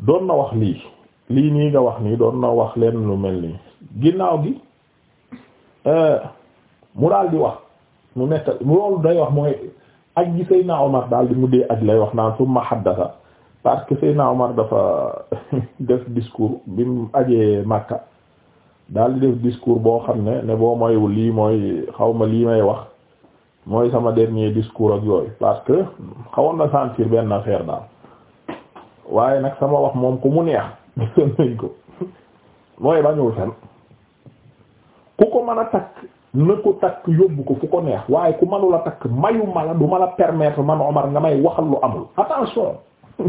doon na wax lii lii nii nga wax nii doon na wax leen lu mel nii ginnaaw gi euh, mu daal di wax mu nekk loolu day wax mooy ak gi Seydina Omar daal di mu dee aj lay wax naan summa haddasa parce que Seydina Omar dafa def discours bi mu ajee Makka daal di def discours boo xam ne ne boo moywul lii mooy xaw ma lii may wax mooy sama dernier discours ak yooyu parce que xawoon na sentir benn affaire daal waaye nag sama wax moom ku mu neex gisoon nañ ko mooy bañul fen ku ko mën a takk na ko takk yóbbu ko fu ko neex waaye ku mënul a takk mayu ma la du ma la permettre man Omar nga may lu amul attention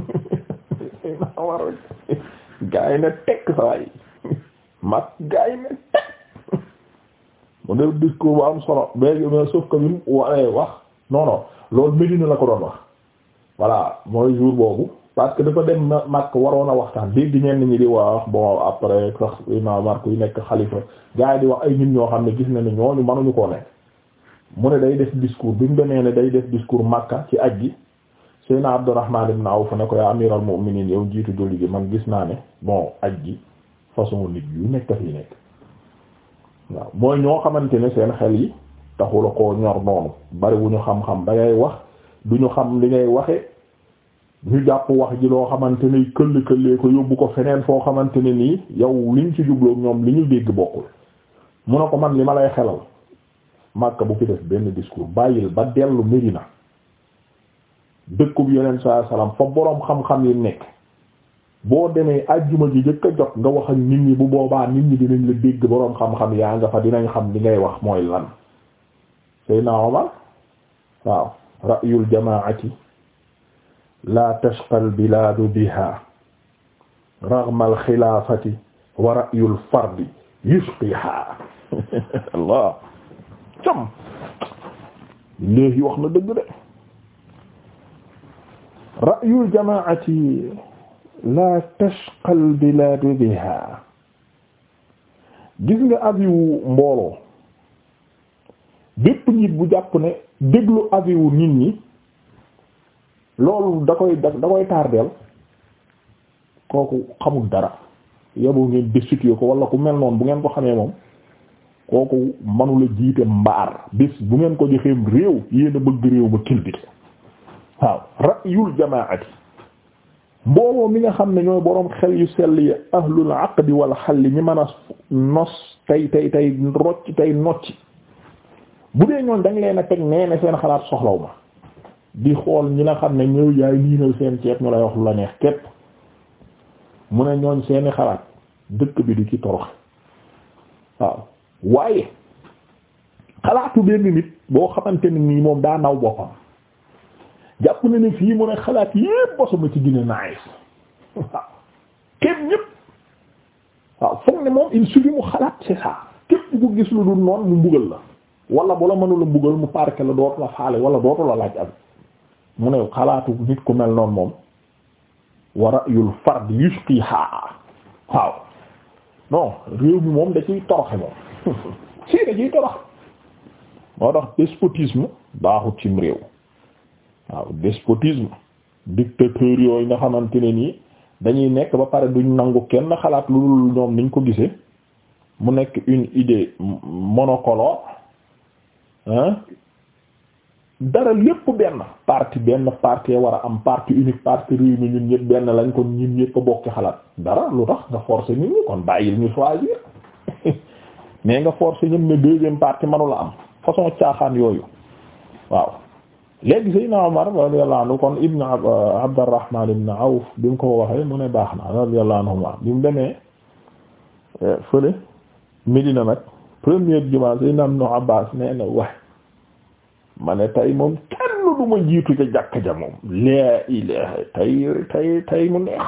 am solo mais mais sauf que bi wax non loolu Medina la ko doon wax voilà mooy jour boobu parce que dafa dem na Makka waroon a waxtaan dégg ñenn ñi di wax bon après sax yu nekk xalifa gars yi di wax ay nit ñoo xam ne gis na ne ñooñu mënuñu koo nekk mu ne day def discours bi mu demee ne day def discours Makka ci aj gi Seydina Abdurrahman ibn Awf ne ko amiral mu'minin yow jiitu julli gi man gis naa ne bon aj gi façon nit yu nekk fi nekk waaw mooy ñoo xamante ne seen xel yi taxula koo ñor noonu bari xam-xam da wax du xam li ngay ñu jàpp wax ji loo xamante ni këll këllee ko yóbbu ko feneen foo xamante ne nii yow liñ ci jubloo ñoom li ñu dégg bokkul mu ne ko man li ma lay xelal Makka bu fi def benn discours bàyyil ba dellu Medina dëkkub yeneen saa salaam fa boroom xam-xam yi nekk boo demee àjjuma ji jëkk a jot nga wax ak nit ñi bu boobaa nit ñi dinañ la dégg boroom xam-xam yaa nga fa dinañ xam li ngay wax mooy lan Seydina Omar waaw ra'yul jamaati laa tashqal bilaadu biha raghma alxilaafati wa ra'yul fardi yusqiha Allah cam léegi wax na dëgg de ra'yul jamaa'ati laa tashqal bilaadu biha gis nga aviwu mbooloo bépp nit bu jàpp ne déglu aviwu nit ñi loolu da koy da koy tardeel kooku xamul dara yoboo ngeen destitué ko wala ku mel noonu bu ngeen ko xamee moom kooku manula jiite mbaar bis bu ngeen ko joxeem réew yéen a bëgg réew ma kilbite waaw ra'yul jamaati mbooloo mi nga xam ne ñooy boroom xel yu sell yi ahlul aqdi xal li ñi mën a nos tey tey tey rocc tey nocci bu dee ñoon dañ leen a teg nee na seen xalaat soxlaw ma di xool ñi nga xam ne ñëw yaay liinal seen ceeb ñu lay wax lu la neex képp mu ne ñooñ seeni xalaat dëkk bi di ci toroxe waaw waaye xalaatu benn nit boo xamante ni nii moom daa naw boppam jàpp na ni fii mu ne xalaat yépp bosama ci gine naagis waaw ñépp waaw foog ne moom il mu xalaat c'est ça képp bu gis lu dul noonu mu mbugal la wala bu la mënula mbugal mu parke la dootu la faale wala dootu la laaj am mu ne xalaatu nit ku mel noonu moom wa ra'yul fard yusqiha waaw non réew mi moom da ciy toroxe moom si da ciy toroxe moo tax despotisme baaxut cim réew waaw despotisme dictateur yooyu nga xamante ne nii dañuy nekk ba pare duñ nangu kenn xalaat lu dul ñoom niñ ko gisee mu nekk une idée monocolore hein dara lépp benn parti benn parti war a am parti unique parti réew mi ñun ñëpp benn lañ kon ñun ñëpp a bokki xalaat dara lu tax nga forcer nit ñi kon bàyyil ñu choisir mais nga forcer ñun ne deuxième parti manula am façon caaxaan yooyu waaw léegi Seydina Omar radiyallahu anhu kon ibn euh, Abdurrahman bi mu ko waxee mu ne baax na radiyallahu anhuma bi mu demee euh, fële Medina nag première jumaa Seydina Ibn Abbas nee na wax ma tay moom kenn du jiitu ca jàkk ja moom laa ilaha tay tay tay mu neex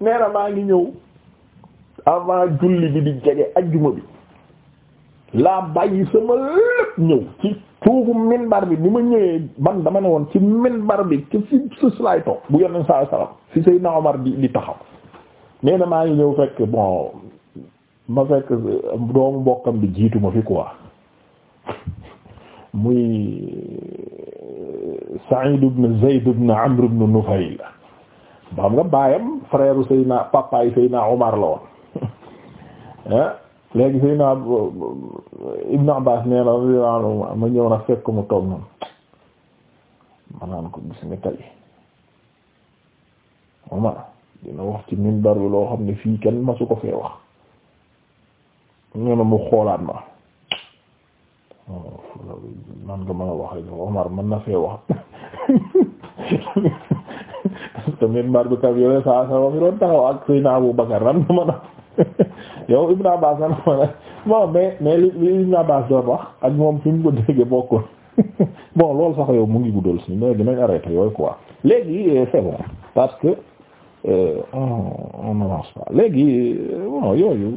neena maa ngi ñëw avant julli bi di jege ajjuma bi laa bàyyi sama lépp ñëw ci suufu minbar bi ni ma ñëwee man dama ne woon ci minbar bi ci fi sus laay toog bu yoneen saa salaam fi Seydina Omar di taxaw nee maa ngi ñëw fekk bon ma fekk doomu mbokkam bi jiitu ma fi quoi muy euh, Sa'id ibn Zayd ibn Amr ibn Nufayl ba xam nga baayam frère Seydina papaay Seydina Omar la woon eh? léegi Seydina euh, Ibn Abbas nee na ma ñëw na fekk mu toog noonu ma ko gis nga tey Omar dina wax ci minbar bi loo xam ne fii kenn masu ko fee wax ñu ne mu xoolaat ma man nga mën a wax Omar mën na fee wax tamit mbar bi tam yore saa saa fi doon taxaw ak Seydina Abu Bakar nan nga mën a yow Ibn Abbas nan mën a mais mais li li Ibn doon wax ak moom fi mu ko déggee bokkul bon loolu sax yow mu ngi guddal si mais dinañ arrêté yooyu quoi léegi euh, c'est parce que. on n'avance pas léegi euh, bon yooyu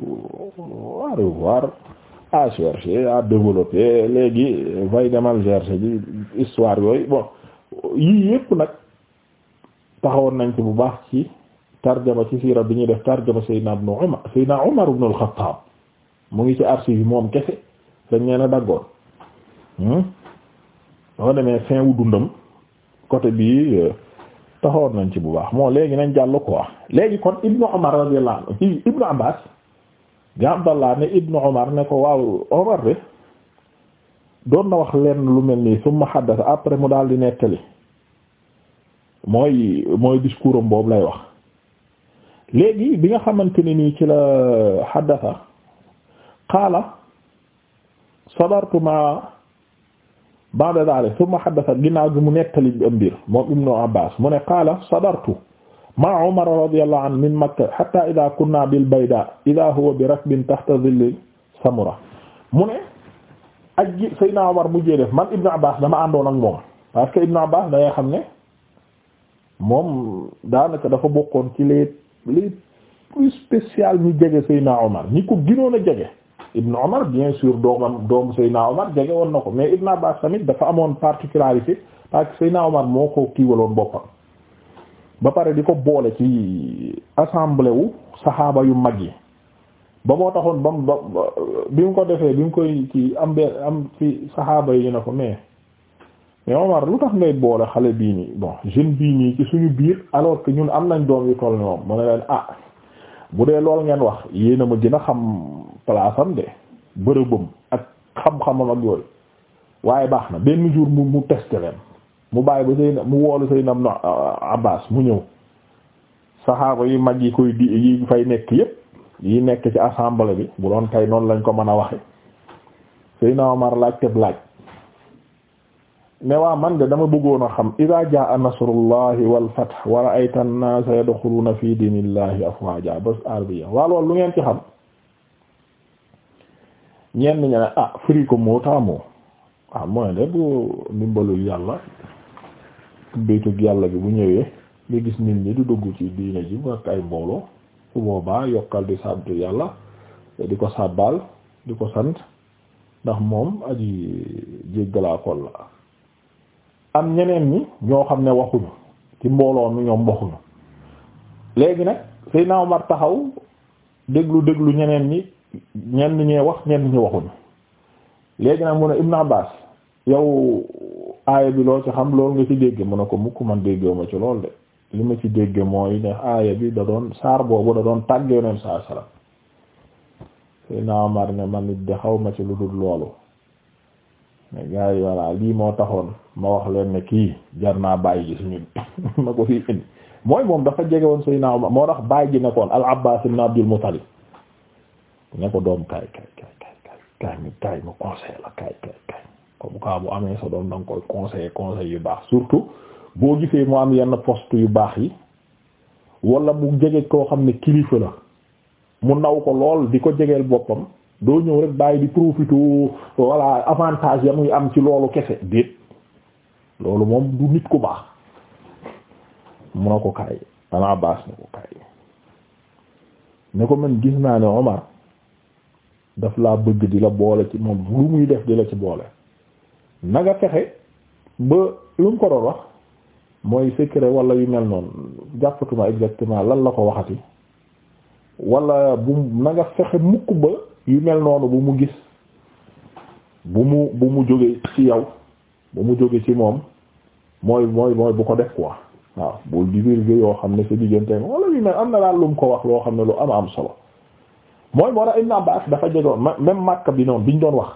à revoir à chercher à développer léegi vay demal chercher ji histoire yooyu bon yii yëpp nag taxawoon nañ ci bu baax ci tarjama ci siira bi ñuy def tarjama Seydina ibn Umar Seydina Umar ibn al-Khattab mu ngi ci archive yi moom kese dañ leen a daggoon boo hmm? demee fin wu dundam côté bii euh, taxawoon nañ ci bu baax moo léegi nañ jàll quoi léegi kon Ibnu Umar radiyallahu anhu Ibnu Abbas ga Abdallah ne Ibnu Umar ne ko waaw Umar de doon na wax lenn lu mel nii summa haddasa après mu daal di nekkali mooy mooy discours am boobu lay wax léegi bi nga xamante ne nii ci la haddasa qaala sabartu ba'da dhalik thumma haddatha ginnaaw gi mu nettali bi mbir moom ibnu abbas mu ne qaala sadartu ma'a umar radiyallahu anhu min makka hatta idha kunna bil bayda idha huwa bi rakbin tahta dhilli samura mu ne ak gi sayna umar mujjee def man ibnu abbas dama àndoon ak moom parce que ibnu abbas dangay xam ne moom daanaka dafa bokkoon ci les les plus spécial ñu jege sayna umar ñi ko ginoon a jege Ibn Omar bien sûr doomam doomu Seydina Omar jege woon na ko mais Ibn Abbas tamit dafa amoon particularité parce que Seydina Omar moo ko kiiwaloon boppam ba pare di ko boole ci assemblée wu saxaaba yu mag yi ba moo taxoon ba mu ba bi mu ko defee bi mu koy ci am benn am ci saxaaba yi ne ko mais mais Omar lu tax ngay boole xale bii nii bon jeune bii nii ci suñu biir alors que ñun am nañ doom yu toll ni moom mu ne leen ah. bu dee lool ngeen wax yéena ma dina xam place am de bërëbam ak xam-xamam ak yooyu waaye baax na benn jour mu mu teste leen mu bàyyi ba sëy mu woolu sëy nam na Abbas mu ñëw saxaaba yi mag yi koy di yi fay nekk yépp yi nekk ci assemblée bi bu doon kay noonu lañ ko mën a waxe sëy na Omar laaj ne waa man de dama bëggoon a xam idaa jaa nasrullahi wal fath wa ra'ayta an-naasa yadxuluuna fi diinillahi afwaaja bas arbiya waa loolu lu ngeen ci xam ñenn ña ne ah firi ko moo taamu ah mooy de bu ndimbalul yàlla béytug yàlla bi bu ñëwee nga gis nit ñi di dugg ci diine ji ak ay mbooloo su boobaa yokkal di sant yàlla di ko sàbbaal di ko sant ndax moom aji jéggalaakoon la am ñeneen ñi ñoo xam ne waxuñu ci mbooloo mi ñoom waxuñu léegi nag Seydina mar taxaw déglu déglu ñeneen ñi ñenn ñee wax ñenn ñi waxuñu léegi nag mu ne Ibn Abbas yow aaya bi loo ci xam loolu nga ci dégg mu ne ko mukk man déggoo ma ci lool de li ma ci dégg mooy ne aaya bi da doon saar boobu da doon tàgg yoneen saar salam Seydina Omar ne man it de xaw ma ci lu dul loolu gaa yi voilà lii moo taxoon ma wax leen ne kii jar naa bàyyi ji suñu ma ko fii indi mooy moom dafa jege woon Seydina Omar moo tax bàyyi ji nekkoon al Abbaas ibn Abdul Muttalib ne ko doom kaay kaay kaay kaay kaay ñu kaay mu amee sa doom da nga koy conseil conseil yu baax surtout boo gisee moo am yenn poste yu baax yi wala mu jege koo xam ne kilifa la mu naw ko lool di ko jegeel boppam doo ñëw rek bàyyi di profité voilà avantage ya muy am ci loolu kese déet loolu moom du nit ku baax mun na ko kaay ala baas na ko kaay ne ko man gis naa ne Omar daf laa bëgg di la boole ci moom lu muy def di la ci boole na nga fexe ba lu mu ko doon wax mooy secret wala yu mel noonu jàppatuma exactement lan la ko waxati wala bu na fexe mukk ba yu mel noonu bu mu gis bu mu bu mu jóge ci yow bu mu jóge ci moom mooy mooy mooy bu ko def quoi waaw bul gi yoo xam ne sa diggante wala yu am na daal ko wax loo xam ne lu am am solo mooy moo tax Ibn Abbas dafa jegoon même Makka bi noonu biñ doon wax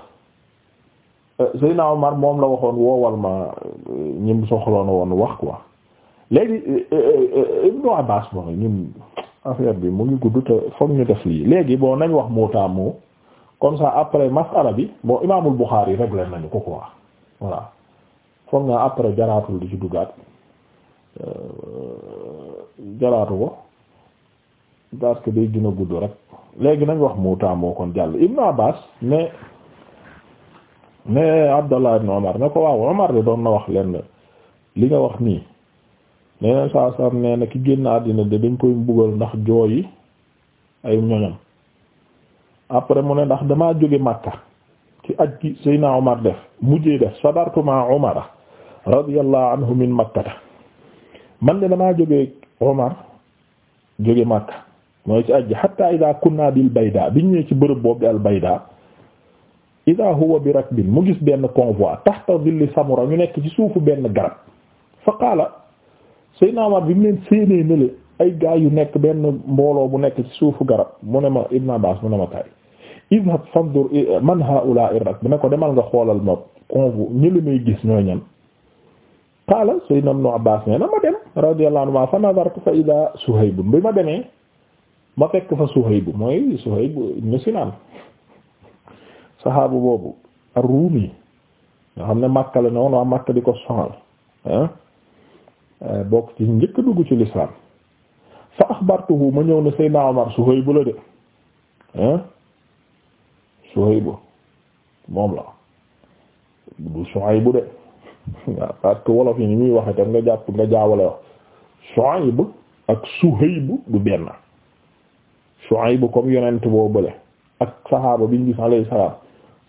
euh, Seydina Omar moom la waxoon woowal ma euh, ñim soxloon woon wax quoi léegi euh, Ibn Abbas moom ñun affaire bi mu ngi gudd te foog ñu def lii léegi boo nañ wax mootamoo comme ça après masala bi bon imaamul Bukhari réglé nañu ko quoi voilà foog naa après jaraatul di ci duggaat euh, jaraatu ko parce que day gën a gudd rek léegi nañ wax mootamoo kon jàll Ibn Abbas ne ne Abdallah ibn Omar ne ko waaw Omar de doon na wax lenn li nga wax nii. leneen saa saam nee ki génn àddina de dañ koy mbugal ndax jooyi ay ñoñam après mu ne ndax damaa jóge Makka ci aj gi Seydina Omar def mujjee def sadartuma Omara radiyallahu min Makkata man de damaa jóge Omar jóge Makka mooy ci aj gi hatta ida kunna bil bayda biñ ñëwee ci bërëb boobu di al bayda ida huwa bi rakbin mu gis benn convoi tahta dhilli samura ñu nekk ci suufu benn garab fa qaala Seydina Omar bi mu leen séenee ne ay gaa yu nekk benn mbooloo bu nekk ci suufu garab mu ne ma Ibn Abbas mu ne ma kay idhab ko demal nga xoolal ma convo ñëli may gis ñooy ñan qaala Seydina Ibn Abbas ne na ma dem radiyallahu anhu fa nadartu fa ida Suhayb bi ma demee ma fekk fa Suhayb mooy Suhayb ibn Sinaan sahaaba boobu ar-Ruumi nga xam ne Makka la ñowoon Makka di ko sonal Euh, bokk ci njëkk dugg ci lislaam fa axbartuhu ma ñëw ne Seydina Omar Suhaybu la de hein Suhaybu moom la du Suhaybu de waaw parce que wolof yi ni muy waxe tam nga jàpp nga jaawale wax Suhaybu ak Suhaybu du benn Suhaybu comme yonent boo bële ak saxaaba bi ñu gis alayhi salaam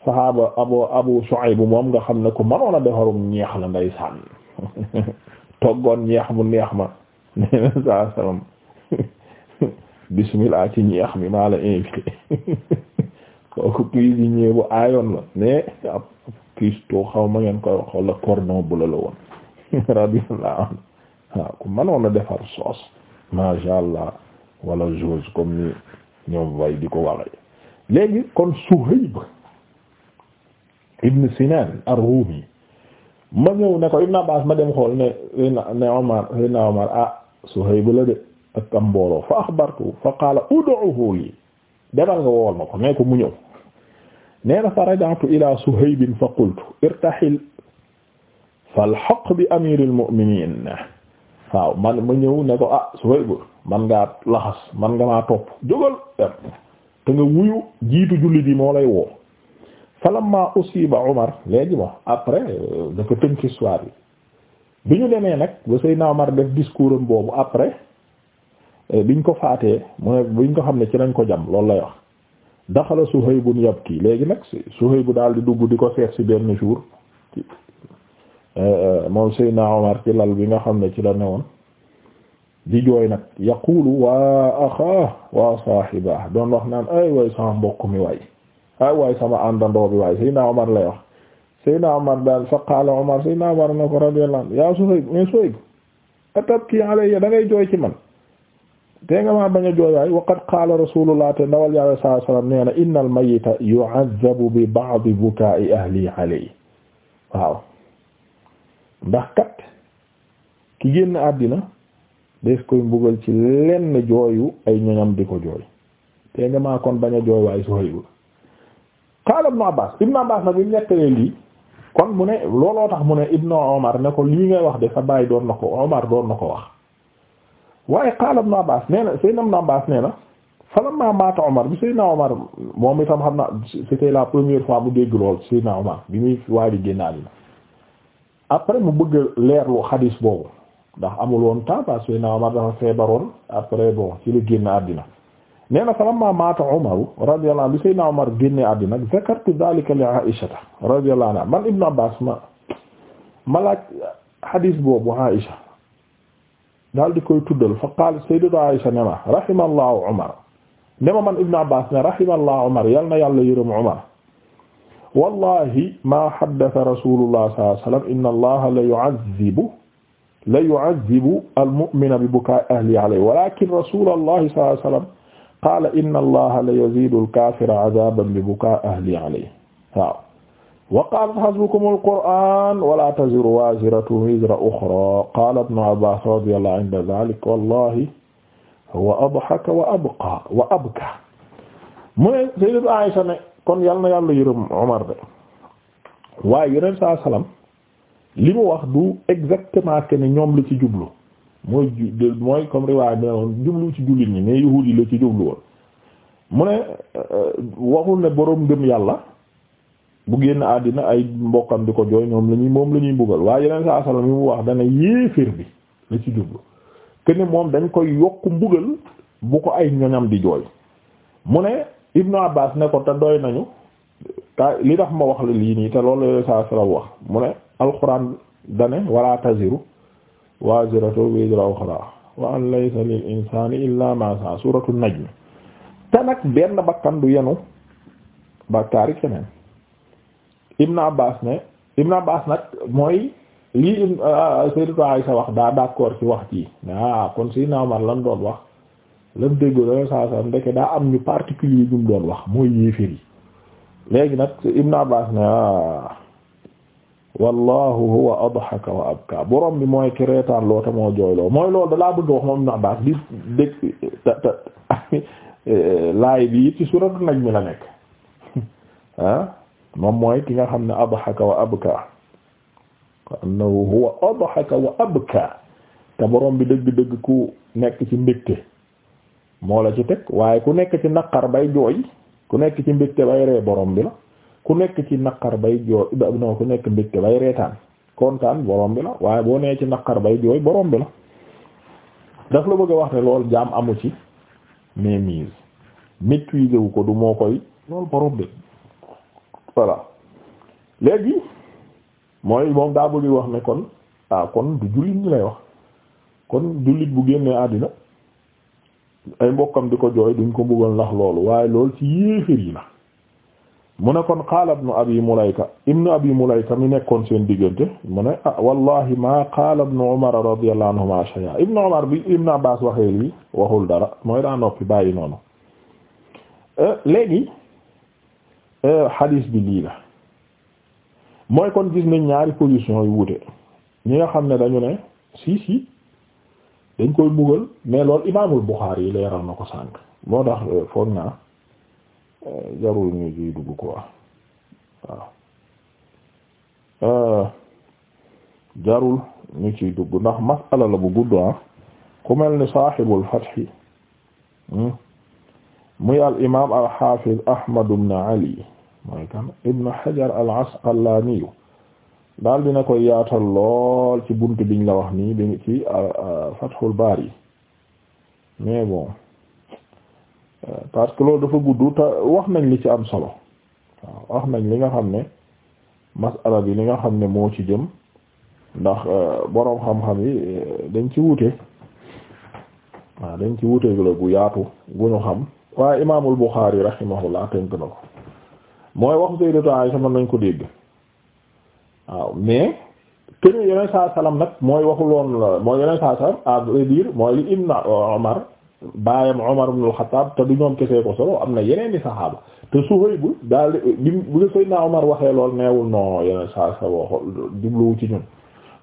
saxaaba abu abu Suhaybu moom nga xam ne ku manoon a defarum ñeex la ndeysaan toggoon ñeex mu neex ma neen saa salaam bismillah ci ñeex mi maa la invité kooku cuisinier bu aayoon la mais ab cuistot xaw ma ngeen koy wax wala cordon bleu la woon radiyallahu anhu waaw ku mënoon a defar sauce masha Allah wala jose comme ni ñoom way di ko waxe léegi kon Suhayb ibn Sinan ar-Rumi ma ñëw ne ko Ibn Abbas ma dem xool ne ne Omar ne Omar ah Suhayb la de ak am fa axbartu fa qaala ud'uhu lii demal nga wool ma ko nee ko mu ñëw nee na fa raja'tu ila Suhayb fa qultu irtahil falhaq bi amiril mu'minin waaw man ma ñëw ne ko ah Suhayb man ngaa laxas man nga maa topp jógal te nga wuyu jiitu julli bi moo lay woo falamma usiba Umar léegi bon après euh, dafa tënk histoire bi ñu demee nag ba Seydina Umar def discours am boobu après euh, biñ ko faatee mu ne biñ ko xam ne ci lañ ko jam loolu lay wax daxala Suhaybun yabki léegi nag bu daal di dugg di ko seet ci benn jour euh, moom Seydina Umar ci lal bi nga xam ne ci la newoon di jooy nag yaqulu waa axaa waa saahiba doon wax naan ay way sama mbokk mi waay ay waay sama àndandoo bi waay Seydina Omar lay wax Seydina Omar daal fa qaala Omar Seydina Omar na ko radiyallahu anhu yaa Suhayb mais Suhayb atabki alayya da ngay jooy ci man te nga maa bañ a jooy waay waqad qaala rasulullah te ndawal yàlla sallallahu alayhi wasallam waaw ndax kat ki génn àddina des koy mbugal ci lenn jooyu ay ñoñam di ko jooy te nga maa kon bañ a jooy waay Suhayb qaala ibnu abbas ibnu abbas nag bi mu nettalee lii kon mu ne looloo tax mu ne ibnu omar ne ko lii ngay wax de sa bàyyi doon na ko omar doon na ko wax waaye qaala ibnu abbas nee na saydna ibnu abbas nee omar bi saydna omar moom itam xam na c'était la première fois mu dégg lool saydna omar bi muy waayi génnaa bi après mu bëgg leerlu xadiis boobu ndax amul woon temps parce que omar dafa feebaroon après bon ci la génn àddina nee na falamma maata Umaru radiyallahu anhu Seydina Umar génne àddina zakartu dhalika li Aisha radiyallahu anha man Ibn Abbas ma ma laaj hadis boobu Aisha daal di koy tuddal fa qaal Sayyidatu Aisha ne ma rahimallahu Umar ne ma man Ibn Abbas ne rahimallahu Umar yal na yàlla yërëm Umar wallahi ma haddatha rasulullah sallallahu alayhi wa sallam inna allaha la yu'adhibu la yu'adhibu al-mu'mina bi buka'i ahlihi alayhi walakin rasulullah sallallahu alayhi wa sallam qaala inna allaha la yazidu alkafira azaban bi bukaa ahli alayhi waaw wa qaalat hasbukum alquran wala taziru waziratun wizra uxra qaala ibnu abbas radiyallahu anhu inda dhalik wallahi huwa adhaka wa abqa wa abka mu ne sayyidatu Aisha ne kon yal na yàlla yërëm Umar de waaye yeneen saa salaam li mu wax du exactement que ne ñoom la ci jublu mooy mooy comme riwaay bi ne woon jublu ci jullit ñi mais yahuud yi la ci jublu woon mu ne euh, waxul ne boroom ngëm yàlla bu génn àddina ay mbokkam di ko jooy ñoom la ñuy moom la ñuy mbugal waaye yeneen saa salaam yi mu wax dana yéeféer bi la ci jublu te moom dañ koy yokk mbugal bu ko ay ñoñam di jooy mu ne Ibnu Abbas ne ko te doy nañu ta li tax ma wax la lii nii te lool la saa salaam wax mu ne alxuraan dane wala taziru waaziratu wizra uxraa wa an laysa lil insaani illaa maa saa suuratu najm te nag benn bakkan du yenu bakkaari keneen Ibn Abbas ne Ibn Abbas nag mooy lii euh, Sayyidatu Aysa wax daa d'accord ci wax ji ah kon si naamar lan doon wax lan déggoo la saa saa ndeke daa am ñu particulier ñu doon wax mooy yéeféer yi léegi nag Ibn Abbas ne ah. wallahu huwa adhaka wa abka borom bi mooy ki reetaan loo ta moo jooyloo mooy loolu dalaa bëgg wax moom na baax di dég ta ta laay bi it ci suratu najm mi la nekk ah moom mooy ki nga xam ne adhaka wa abka wa annahu huwa adhaka wa abka te borom bi dëgg-dëgg ku nekk ci mbégte moo la ci teg waaye ku nekk ci naqar bay jooy ku nekk ci mbégte bay ree borom bi la ku nekk ci naqar bay jooy non ku nekk mbégte bay reetaan kontaan borom bi na waaye boo nee ci naqar bay jooy borom bi na daf la bëgg a wax ne loolu jaam amu ci mais mise maîtriser ko du moo koy loolu borom bi voilà léegi mooy moom daa bëgg wax ne kon ah kon du jullit ñi lay wax kon jullit bu génnee àddina ay mbokkam di ko jooy duñ ko bëggoon ndax loolu waaye lool ci yéeféer yi la mu ne kon qaala ibnu abi mulayka ibnu abi mulayka mi nekkoon seen diggante mu ne ah wallahi ma qaala ibnu umar radiyallahu anhuma shay'a ibnu umar bi ibnu abbas waxee lii waxul dara mooy daa noppi bàyyi noonu eh, léegi hadis eh, bi lii la mooy kon gis nañ ñaari position yu wuute ñi nga xam ne dañu ne si si dañ koy mbugal mais loolu imaamul Buxaari yi leeral na ko sànq moo tax eh, foog naa jarul ñu ciy dugg quoi waaw euh, jarul ñu ciy dugg ndax masala la bu gudd ah ku mel ni saaxibul fathi hmm? muy al imaam al xaafiz Ahmad ibn Ali Ibn Hajar al Asqalaani daal dina koy yaatal lool ci buntu biñ la wax nii bi ci euh, Baari mais bon. parce que loolu dafa gudd te wax nañ li ci am solo waaw wax nañ li nga xam ne masala bi li nga xam ne moo ci jëm ndax euh, boroom xam-xam yi euh, dañ ci wute waaw dañ ci wute la gu yaatu gu ñu xam waaye imaamul Buxaari rahimahullah tënk na ko mooy wax Sayyidatu Aysa mën nañ ko dégg waaw mais kër yeneen nag mooy waxuloon la mooy yeneen saa salaam à mooy li Ibn Omar baayam Umar ibn al-Khattab te du ñoom kesee ko solo am na yeneen i saxaaba te Suhayb daal di bi waxee lool neewul non yeneen saa sa waxo jubluwu ci ñun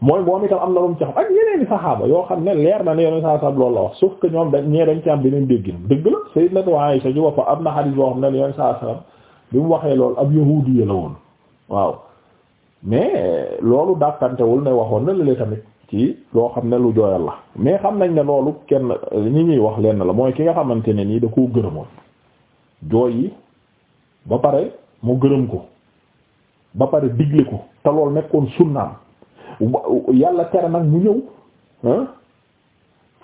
mooy moom itam am na lu mu ci xam ak yeneen i yoo xam ne leer na ne sa loolu la wax sauf que ñoom dañ ñee dañ ci am beneen déggin dëgg la Sayyidatu Aisha ci boppam am na xadiis boo xam ne yeneen saa sa bi mu waxee loolu ab yahuudi la woon waaw mais loolu dàkkantewul ne waxoon la lële tamit. ci loo xam ne lu jooyal la mais xam nañ ne loolu kenn ñi ñuy wax lenn la mooy ki nga xamante ne nii da koo gërëmoon jooy yi ba pare mu gërëm ko ba pare digle ko te loolu nekkoon sunnaam yàlla tere nag mu ñëw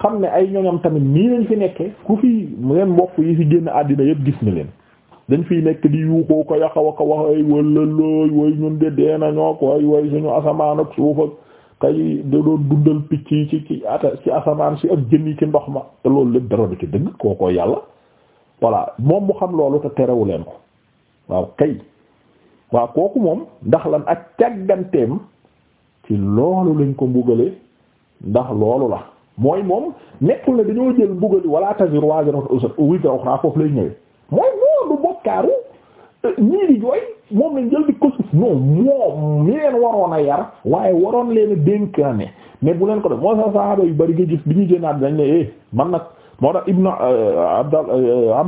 xam ne ay ñoñam tamit nii lañ fi nekkee ku fi leen mbokk yi fi génn àddina yëpp gis na leen dañ fi nekk di yuuxoo ko yaxaw a ko wax ay wala looy way ñun de dee nañoo ko ay way suñu asamaan ak suuf kay da doon dundal picc yi ci ci ata ci asamaan si ak jën yi ci ndox ma te loolu lépp dara du ci dëgg kookoo yàlla voilà moom mu xam loolu te terewu leen ko waaw kay waaw kooku moom ndax lan ak càgganteem ci loolu lañ ko mbugale ndax loolu la mooy moom nekkul la dañoo jël mbugali wala taziru waziratun wizra ukhra foofu lay ñëwee mooy loolu bokkaaru ñii di jooy moom lañ jël di ko suuf moom mi leen waroon a yar waaye waroon leen a dénkaane mais bu leen ko def moo sa saaba yu bari nga gis bi ñu eh, man nag moo euh, euh,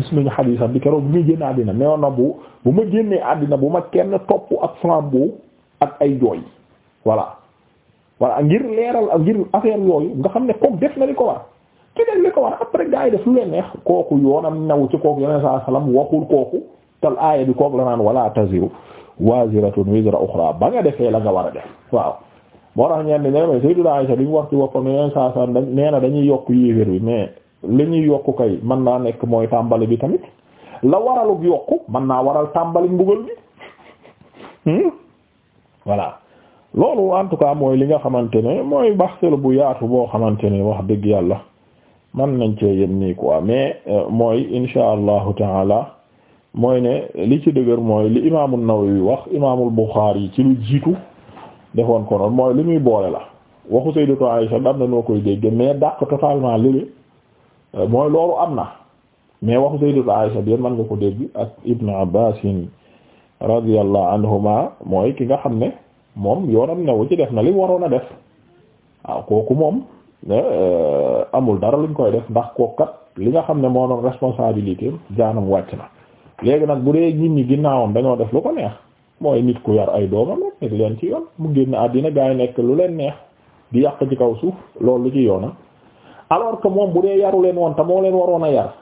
gis nañu xadiisam bi keroog bu génn àddina neewoon na bu bu ma génnee àddina bu ma kenn topp ak flambeau ak ay jooy voilà voilà ngir leeral ngir affaire yooyu nga xam ne kook def na li ko war ki def li ko war après gaa def lu leen neex kooku yoonam new ci kooku yeneen saa salaam waxul kooku tal aaya bi kook la naan wala taziru waziratun wizra ukhra ba nga defee la nga war a def waaw boo tax ñenn ñeneen mais Sayyidou Aïcha bi mu wax ci boppam ne saa saa nee na dañuy yokk yéeféer bi mais li ñuy yokk kay mën naa nekk mooy tàmbali bi tamit la waralug yokk man naa waral tàmbali mbugal bi hmm? voilà loolu en tout cas mooy li nga xamante ne mooy baxselu bu yaatu boo xamante ne wax dëgg yàlla mën nañ cee yem nii quoi mais euh, mooy insha allahu taala. mooy ne li ci dëgër mooy li imaamul Nawawi wax imaamul yi ci lu jiitu defoon ko noonu mooy li muy boole la waxu Sayyidatu Aïsha am na noo koy dégg mais dàq totalement lële euh, am na mais waxu Sayyidatu Aïsha mën nga ko dégg ak Ibn Abbas radiyallahu anhuma mooy ki nga xam ne moom yoonam newu ci def na li waroon a def waaw kooku moom euh, amul dara luñ koy def ndax kooku li nga xam ne moo doon responsabilité jaanam wàcc na. léegi nag bu dee nit ñi ginnaawam dañoo def lu ko neex mooy nit ku yar ay doomam nekk leen ci yoon mu génne àddina gaa yi nekk lu leen neex di yàq ci kaw suuf loolu lu ci yoona alors que moom bu dee yaru leen woon tamoo leen waroon a yar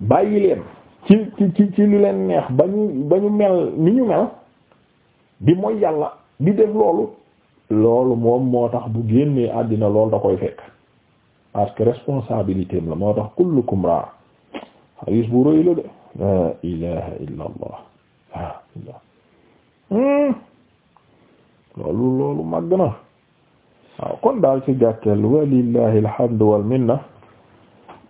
bàyyi leen ci ci ci lu leen neex ba ñu ba ñu mel ni ñu mel di mooy yàlla di def loolu loolu moom moo tax bu génnee àddina loolu da koy fekk parce que responsabilité la moo tax kullukum raa xadis bu rëy la de la ilaha illa allah waaw hmm. loolu loolu màgg na waaw kon daal ci gàttal walillahi alhamdu wal minna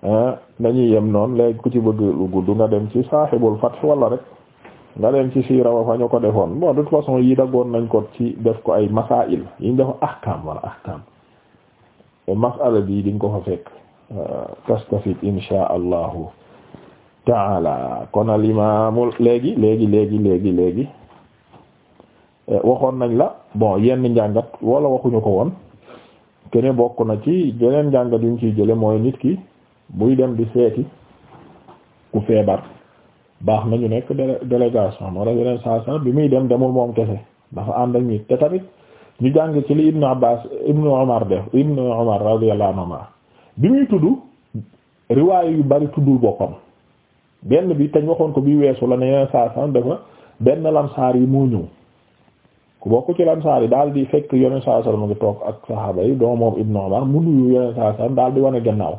ah, yem noon léegi ku ci bëgg lu gudd nga dem ci saahibul fath wala rek nga dem ci siira ba fa ñu ko defoon bon de toute façon yi daggoon nañ ko ci def ko ay masail yi ñu def ahkam wala ahkam masala di nga ko fa fekk ah, tastafid insha allahu taala kon al imaamul léegi léegi léegi léegi léegi eh, waxoon nañ la bon yenn njàngat wala waxuñu ko woon kene bokk na ci yeneen njàngat yuñ ciy jële mooy nit ki buy dem di seeti ku feebar baax nañu nekk délégation moo tax yeneen saa saa bi muy dem demul moom kese dafa ànd ak nit te tamit ñu jàng ci li Ibnu Abbaas Ibnu Umar def Ibnu Umar radiyallahu anhu bi muy tudd riwaay yu bari tuddul boppam benn bi te waxoon ko bi weesu la ne yeneen saa san dafa benn lamsaar yi moo ñëw ku bokk ci lamsaar yi daal di fekk yeneen saa san mu ngi toog ak saxaaba yi doo moom Ibnu Umar mu nuyu yeneen saa san di wane gannaaw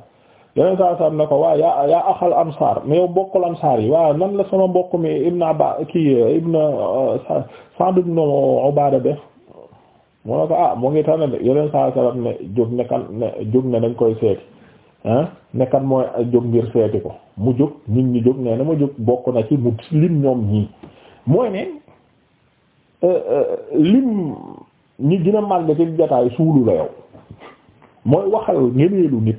yeneen saar san ne yi waaw nan sama mbokk mi Ibnu Abba kii uh, ah, ne jóg ne ne jóg ne dañ koy seeti. nekkat mooy jóg ngir seeti ko mu jóg nit ñi jóg nee na ma jóg bokk na ci mu lim ñoom ñii mooy ne euh, euh, lim ñi gën màgg ci jotaay suulu la yow mooy waxal ngeneelu nit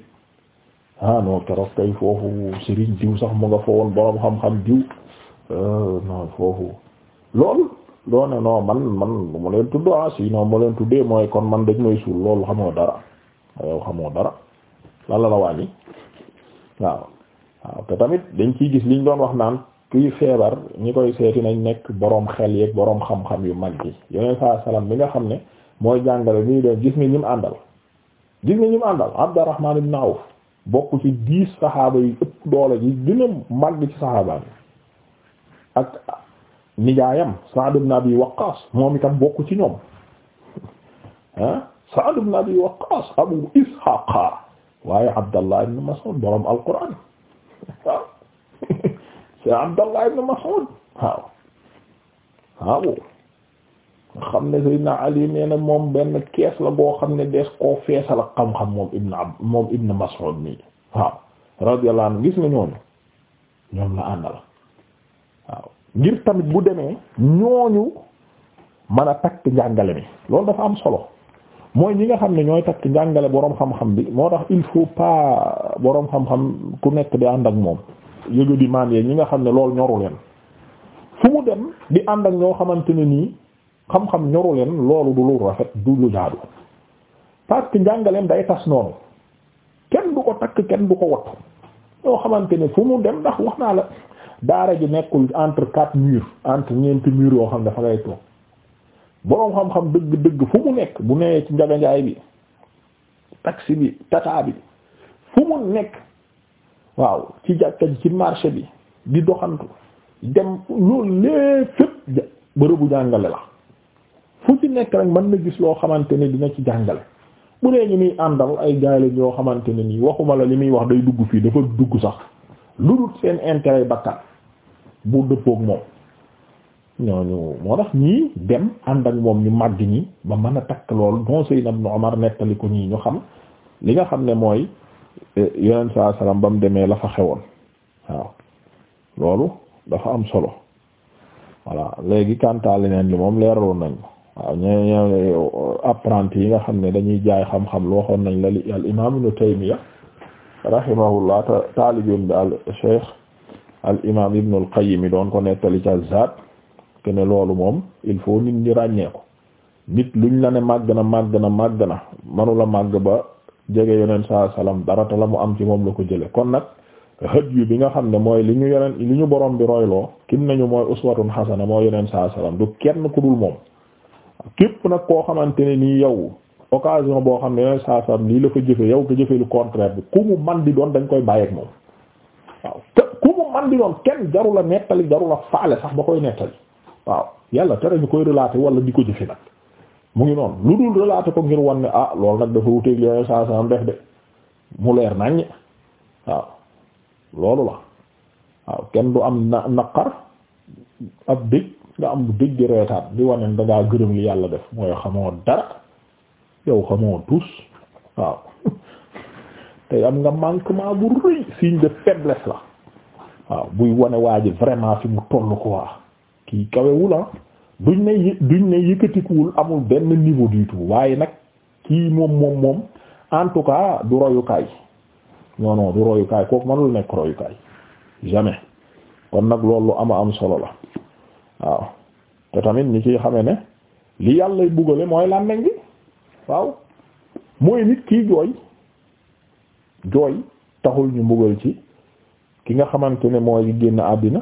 ah non keroog kay foofu Serigne diw sax mu nga foo woon boroom xam-xam diw euh, foofu loolu loo ne non man man mu leen tudd ah si non mu leen tuddee mooy kon man dañ may suul loolu xamoo dara yow xamoo dara lan la waaw te tamit dañ ciy gis liñ doon wax naan kuy feebar ñi koy seeti nañ nekk boroom xel yeeg boroom xam-xam yu mag yi yeneen saa salaam bi nga xam ne mooy jàngale nii doon gis nga ñim àndal gis nga ñim àndal Abdurrahman ibn Awf bokk ci dix saxaaba yi ëpp doole yi gën a mag ci saxaabaan ak nijaayam Sa'd ibn Abi Waqqas moom itam bokk ci ñoom ah Sa'd ibn Abu Ishaqa waaye Abdallah ibn Mas'ud borom alquran waaw c'est Abdallah ibn Mas'ud waaw waaw xam ne Seydina Ali nee na moom benn kees la boo xam ne des koo feesal ak xam-xam moom ibn ab moom ibn Mas'ud nii waaw radiyallahu anhu gis nga ñooñu ñoom la àndal waaw ngir tamit bu demee ñooñu mën a takk njàngale mi loolu dafa am solo mooy ñi nga xam ne ñooy takk njàngale boroom xam-xam bi moo tax il faut pas boroom xam-xam ku nekk di ànd ak moom yëga di maan ñi nga xam ne loolu ñoru leen fu mu dem di ànd ak ñoo xamante ne nii xam-xam ñoru leen loolu du lu rafet du lu jaadu parce que njàngaleem day tas noonu kenn du ko takk kenn du ko wat ñoo xamante ne fu mu dem ndax wax naa la daara ji nekkul entre quatre murs entre ñeenti murs yoo xam dafa ngay toog boroom xam-xam dëgg dëgg fu mu nekk bu nee ci njaganjaay bi taxi bi tata bi fu mu nekk waaw ci jàkka ji ci marché bi di doxantu dem loolu lee fépp bërëbu jàngale la fu ci nekk rek mën na gis loo xamante ne dina ci jàngale bu dee ñu muy àndal ay gaay lañ yoo xamante ne nii waxuma la li muy wax day dugg fii dafa dugg sax lu dul seen intere bakkan bu dëppook moom ñooñu moo tax ñii dem ànd ak moom ñu màgg ñi ba mën a takk loolu non Seydina Ibn Umar nettali ko ñii ñu xam li nga xam ne mooy yeneen saa salaam ba mu demee la fa xewoon waaw loolu dafa am solo voilà léegi kanta leneen li moom leeraloon nañ waaw ñooñu apprenti yi nga xam ne dañuy jaay xam-xam lu waxoon nañ la li al imaam Ibn Taymiya rahimahullah taalibeem bi al Cheikh al imaam Ibn al Qayyim doon ko nettali ca Zaad. que loolu moom il faut nit ñi ràññee ko nit luñ la ne màgg na màgg na màgg na manula màgg ba jege yeneen saa salaam dara te la mu am ci moom la ko jële kon nag hëj yu bi nga xam ne mooy li ñu yeneen lu ñu borom bi royloo kim nañu mooy uswatun xasana moo yeneen saa salaam du kenn ku dul moom képp nag koo xamante ne nii yow occasion boo xam ne yonent saa lii la ko jëfe yow nga jëfe lu contraire bi ku mu man di doon dañ koy bàyyeek moom waaw te ku mu man di sax ba waaw yàlla tere ñu koy relater wala di ko jëfe nag mu ngi noonu lu dul relater ko ngir wan ne ah loolu nag dafa wuteeg yooyu saa mu leer naññ waaw la kenn du am na naqar ab dëj di reetaan di wane da ngaa gërëm li yàlla def mooy xamoo dara yow xamoo tus waaw tey am nga manquement bu rëy signe de faiblesse la waaw buy wane waa ji vraiment fi mu tollu ko waa kii kawewul ah duñ ne duñ ne yëkkatikuwul amul benn niveau du waaye nag kii moom moom moom en tout cas du royukaay non non du royukaay kooku mënul nekk royukaay jamais kon nag loolu ama am solo la waaw te tamit ñi ciy xame ne li yàllay bugale mooy làmmiñ bi waaw mooy nit kii jooy jooy taxul ñu mbugal ci ki nga xamante ne mooy génn àddina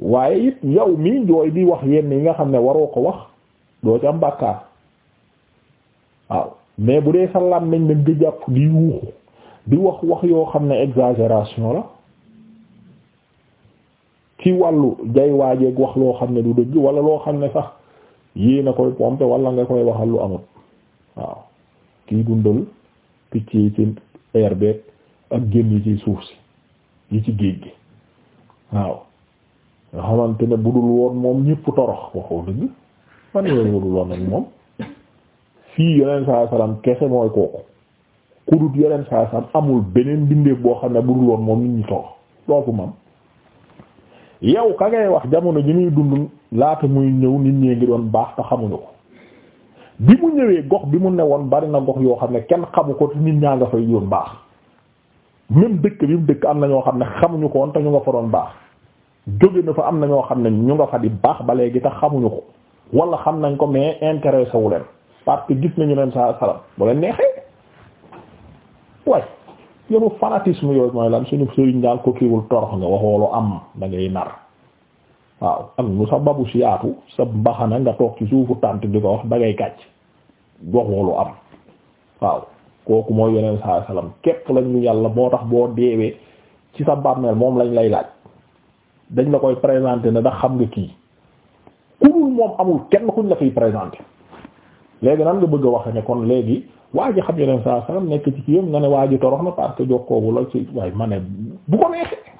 waaye it yow mii jooy di wax yenn yi nga xam ne waroo ko wax doo ci am waaw mais bu dee sa nañ ne di jàpp di yuuxu di wax wax yoo xam ne exagération la ci wàllu jay waajeeg wax loo xam ne du dëgg wala loo xam ne sax yii na koy pompe walla nga koy waxal lu amut waaw kiy dundal picc yi ci air beeg ak génn yi ci suuf si yi ci géej gi waaw nga xamante ne budul woon moom ñëpp torox waxoo dëgg man yooyu budul woon ak moom fii yeneen saa salaam kese mooy kooku kudut yeneen saa amul beneen bindee boo xam ne budul woon moom nit ñi torox doofu mam yow ka ngay wax jamono ji muy dund laata muy ñëw nit ñee ngi doon baax te xamuñu ko bi mu ñëwee gox bi mu ne woon bari na gox yoo xam ne kenn xamu ko te nit ñaa nga fay yoon baax même dëkk bi mu dëkk am na ñoo xam ne xamuñu ko woon te ñu nga fa baax jóge na fa am na ñoo xam ne ñu nga fa di baax ba léegi tax xamuñu ko wala xam nañ ko mais intéressé wu leen parce gis nañu leen sa salam bu leen neexee waaye yow fanatisme yooyu mooy lan suñu sëriñ daal ko kiiwul torox nga waxoo am da ngay nar waaw ak lu sa babu si yaatu sa mbaxana nga toog ci suufu tànt di ko wax da kàcc waxoo am waaw kooku mooy yeneen saa salaam képp lañ yàlla moo tax boo deewee ci sa bàmmeel moom lañ lay laaj. dañ la koy présenter na ndax xam nga kii ku moom amul kenn kuñ la fiy présenter léegi nan nga bëgg a wax ne kon léegi waa ji xam yeneen saa salam nekk ci kii yam nga ne waa ji torox na parce que jokkoobu la ci waaye ma ne bu ko neexee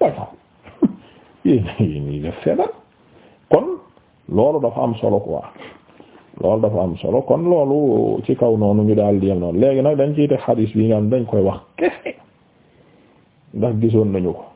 waaye kon loolu dafa am solo quoi loolu dafa am solo kon loolu ci kaw noonu ñu daal di yem noonu léegi nag dañ ciy def xadiis bi nga am dañ koy wax kese ndax gisoon nañu ko